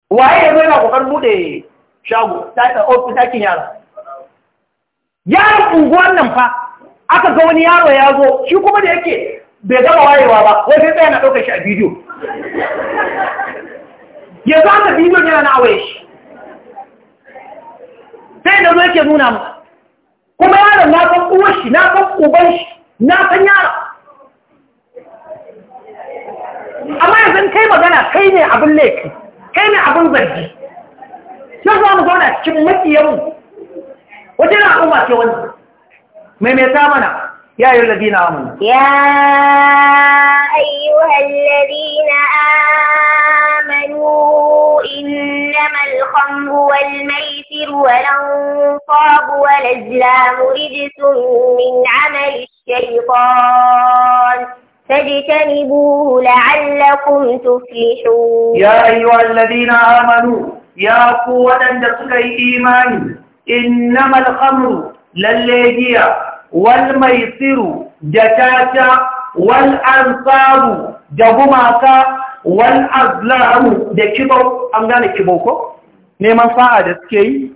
waye ya zo yana kokar shago ta ofis ɗakin yara yaran unguwan nan fa aka ga wani yaro ya zo shi kuma da yake bai gaba wayewa ba wai sai tsaya na ɗaukar shi a bidiyo ya za ka bidiyo yana na awaye shi sai da zo yake nuna mu kuma yaron na san uwar shi na san uban shi na san yaron amma yanzu kai magana kai ne abin laifi kai ne abin zargi sai za mu zauna cikin makiyanmu wajen al'umma ke wani من mai يا أيها الذين آمنوا يا أيها الذين آمنوا إنما الخمر والميسر والأنصاب والأزلام رجس من عمل الشيطان فاجتنبوه لعلكم تفلحون يا أيها الذين آمنوا يا قوة لن إيمان إنما الخمر lalle giya wal maisiru da caca wal ansaru da gumaka wal azlamu da kibau an gane kibau ko neman sa'a da suke yi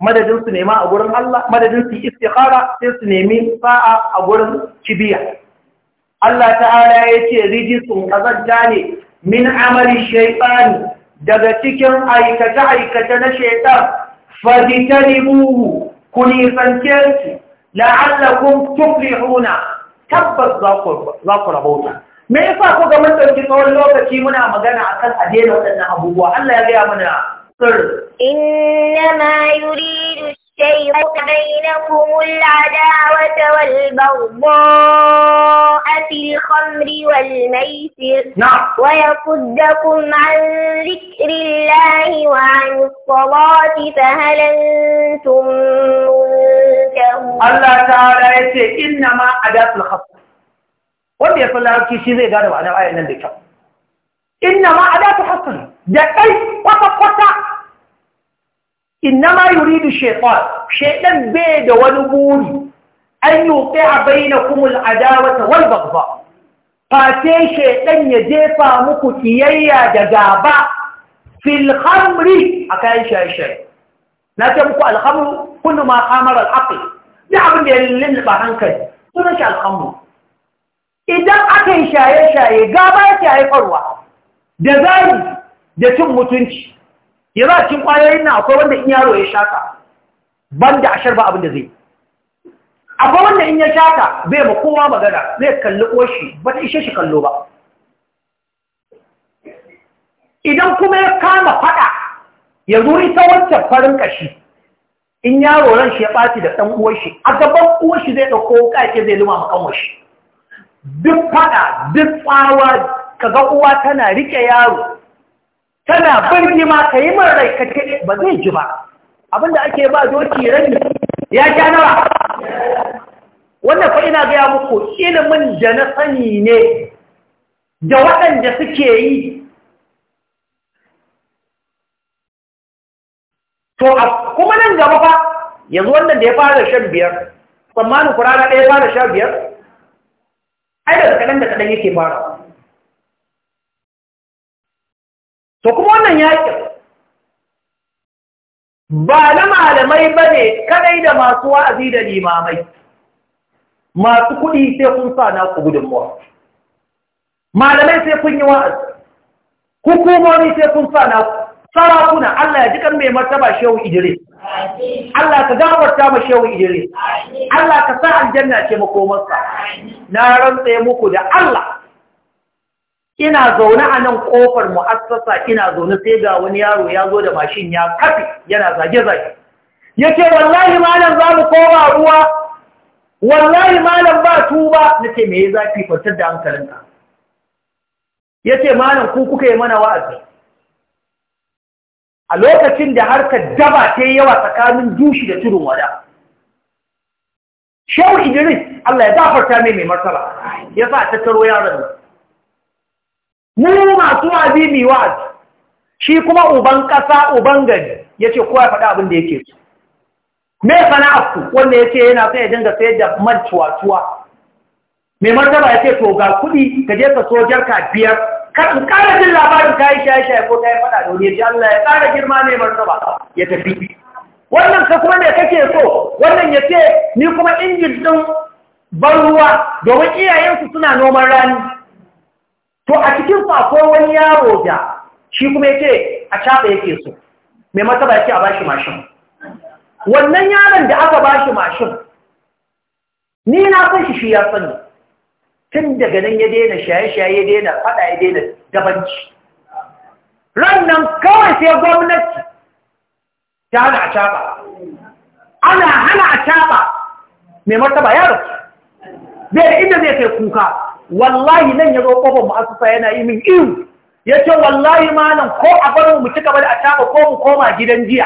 madadin su nema a gurin Allah madadin su istikhara sai su nemi sa'a a gurin kibiya Allah ta'ala ce rijisun kazanta ne min amali shaytan daga cikin aikata aikata na shaytan faditanibuhu ku nisance shi la'allakum tuflihuna tabbas za ku rahota me yasa ku ga mun dauki tsawon lokaci muna magana akan addinin waɗannan abubuwa Allah ya gaya mana sir innama yuridu شيخ بينكم العداوة والبغضاء في الخمر والميسر نعم ويصدكم عن ذكر الله وعن الصلاة فهل أنتم منتهون الله تعالى يقول إنما أداة الخط wanda ya fi larabci shi zai gane ma'anar ayan nan da kyau inna ma adatu hasan da kai kwata kwata Inna ma innama yuridu shaytan shaytan bai da wani buri an a yuqi'a bainakum al-adawata wal baghdha fate shaytan ya jefa muku kiyayya da gaba fil khamri akan shayshay na ce muku al-khamru kullu ma khamara al-aql abin da ya lulluba hankali sunan shi al idan aka yi shaye-shaye gaba ya haifarwa da zari da cin mutunci za a cikin kwayoyin na akwai wanda in yaro ya shaka ban da ashar ba abin da zai akwai wanda in ya shaka bai ma kowa magana zai kalli ƙoshi ba ta ishe shi kallo ba idan kuma ya kama faɗa ya zuri ta wancan farin ƙashi in yaro ran shi ya ɓaci da ɗan uwanshi a gaban ƙoshi zai ɗauko ƙaƙe zai luma ma ƙanwashi duk faɗa duk tsawa kaga uwa tana riƙe yaro tana birni ma ka yi mara rai ka ce ba zai ji ba abinda ake ba doki rani ya sha nawa wannan fa ina gaya muku ilimin da na sani ne da waɗanda suke yi to a kuma nan gaba fa yanzu wannan da ya fara shan biyar tsammanin kurana ɗaya fara sha biyar ai da kaɗan da kaɗan yake fara to kuma wannan yakin. ba na malamai ba ne kadai da masu wa'azi da limamai masu kuɗi sai kun sa na ku gudunmuwa malamai sai kun yi wa'azi hukumomi sai kun sa na ku sarakuna Allah ya jikan mai martaba shehu Idire. Allah ka gafarta ma shehu Idire. Allah ka sa aljanna ce makomarsa na rantse muku da Allah ina zaune a nan ƙofar mu'assasa ina zaune sai ga wani yaro ya zo da mashin ya kafi yana zage-zage ya ce wallahi malam za mu koma ruwa wallahi malam ba tuba na ce me zafi kwantar da hankalinka ya ce malam ku kuka yi mana wa'azi a lokacin da harkar daba ta yawa tsakanin dushi da tudun wada shehu idris allah ya dafarta mai mai martaba ya sa tattaro yaron nan mu masu wazi mi shi kuma uban ƙasa uban gari ya ce kowa ya faɗa abin da yake so me afku? wanda ya ce yana sai ya dinga sayar da man mai martaba ya ce to ga kuɗi ka je ka biyar kar ƙara jin labarin ka yi shaye-shaye ko ta yi faɗa da ya ji Allah ya ƙara girma mai martaba ya tafi wannan ka kuma ne kake so wannan ya ce ni kuma injin ɗin ban ruwa domin iyayensu suna noman rani to a cikin akwai wani yaro da shi kuma yake a caɓa yake so mai mataba yake a bashi mashin wannan yaron da aka bashi mashin ni na san shi shi ya sani tun daga nan ya daina shaye-shaye ya daina fada ya daina dabanci rannan kawai sai gwamnati ta hana a caɓa ana hana a caɓa mai mataba yaro bai da inda zai kai kuka wallahi nan ya zo kofar mu'assasa yana yi min ihu ya ce wallahi ma nan ko a bar mu ci gaba da acaba ko mu koma gidan jiya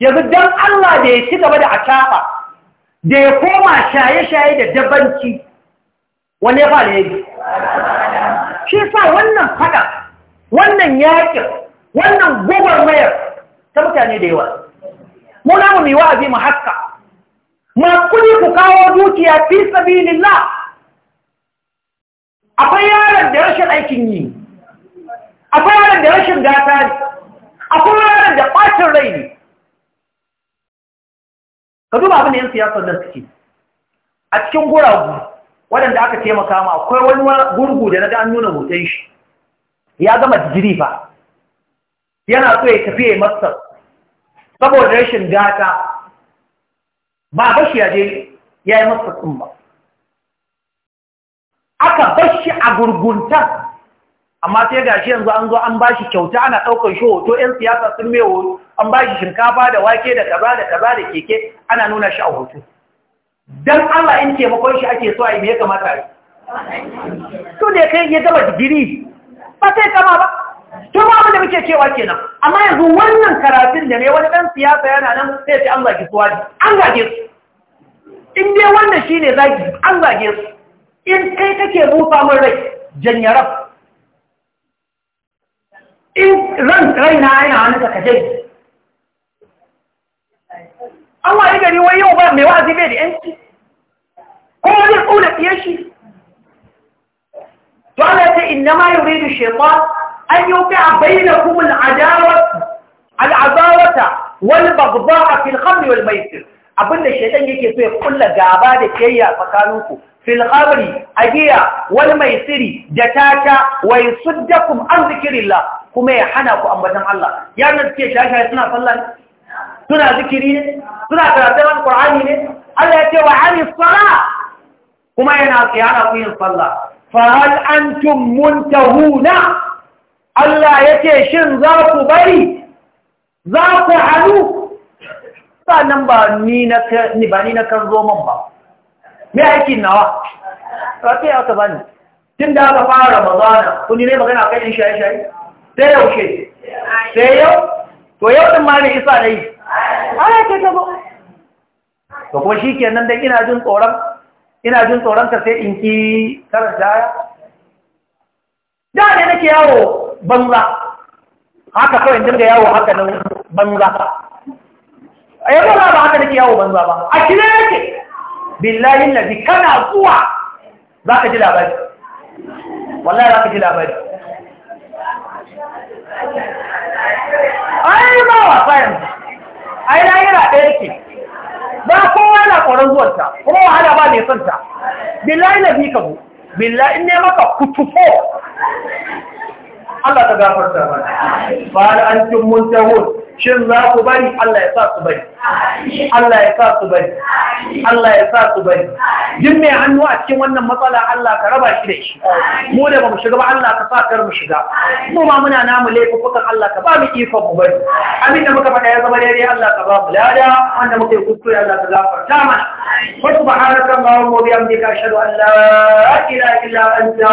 yanzu dan Allah da ya ci gaba da acaba da ya koma shaye-shaye da dabanci wani ya fara yaji shi sa wannan fada wannan yaƙin wannan mayar ta mutane da yawa muna mu mai wa'azi mu haska Ma kuɗi ku kawo dukiya fi sabilillah akwai yaron da rashin aikin yi akwai yaron da rashin gata ne akwai yaron da ɓacin rai ne ka duba abin da yin siyasar da suke a cikin guragu waɗanda aka taimaka ma akwai wani gurgu da na ga an nuna hoton shi ya gama digiri fa yana so ya tafi ya masar saboda rashin gata ba bashi ya je ya yi masar ɗin ba aka bashi a gurgunta amma sai ga shi yanzu an zo an bashi kyauta ana ɗaukar shi hoto 'yan siyasa sun mai hoto an bashi shinkafa da wake da kaza da kaza da keke ana nuna shi a hoto don Allah in taimakon shi ake so a yi me ya kamata yi to ne kai ya gaba digiri ba sai kama ba to ba abin da muke cewa kenan amma yanzu wannan karatun da ne wani ɗan siyasa yana nan sai ce an zage suwa an zage su in dai wannan shine zagi an zage su in kai kake rufa min rai janye rab in ran raina yana hannunka ka kaje Allah ya gari wai yau ba mai wazi bai da yanci ko zai ƙuna fiye shi to Allah ta inna ma yuridu shaytan shekwa an yi wuƙi a bayyana kuma al'azawata wani babba a filhamni wal maisir abinda shaitan yake so ya kulla gaba da kiyayya tsakaninku fil khamri agiya wal maisiri da tata wa yusuddakum an zikrillah kuma ya hana ku ambatan Allah yana suke shaye suna sallan suna zikiri ne suna karatun Qur'ani ne Allah ya ce wa ani sala kuma yana tsayana ku yin sallah fa hal antum muntahuna Allah ya ce shin za ku bari za ku hannu sannan ba ni na kan zo man ba me aikin nawa rafi ya ba ne tun da aka fara ramadana kun ne magana kan yin shaye-shaye sai yaushe sai yau to yau din ma ne isa da yi ana ce ta ba to ko shi nan dan ina jin tsoron ina jin tsoron ka sai in ki karanta ya da ne nake yawo banza haka kawai dinga yawo haka nan banza a yau ba haka nake yawo banza ba a kire nake billahi lafi kana zuwa za ka ji labari wallahi za ka ji labari ai ma wasa yanzu ai na lahira ɗaya yake ba kowa na ƙoron zuwanta kuma wahala ba mai santa billahi lafi ka bu billahi ne maka kutufo Allah ta gafarta mana ba da an cin mun taho shin za ku bari Allah ya sa su bari Allah ya sa su bari Allah ya sa su bari jin mai hannu a cikin wannan matsala Allah ka raba shi da shi mu da ba mu shiga ba Allah ka sa kar mu shiga mu ma muna namu laifukan Allah ka ba mu ikon mu bari abin da muka faɗa ya zama daidai Allah ka ba mu lada wanda muka yi kuskure Allah ta gafarta mana kan subhanaka mu biyan bihamdika ka an Allah! ilaha illa anta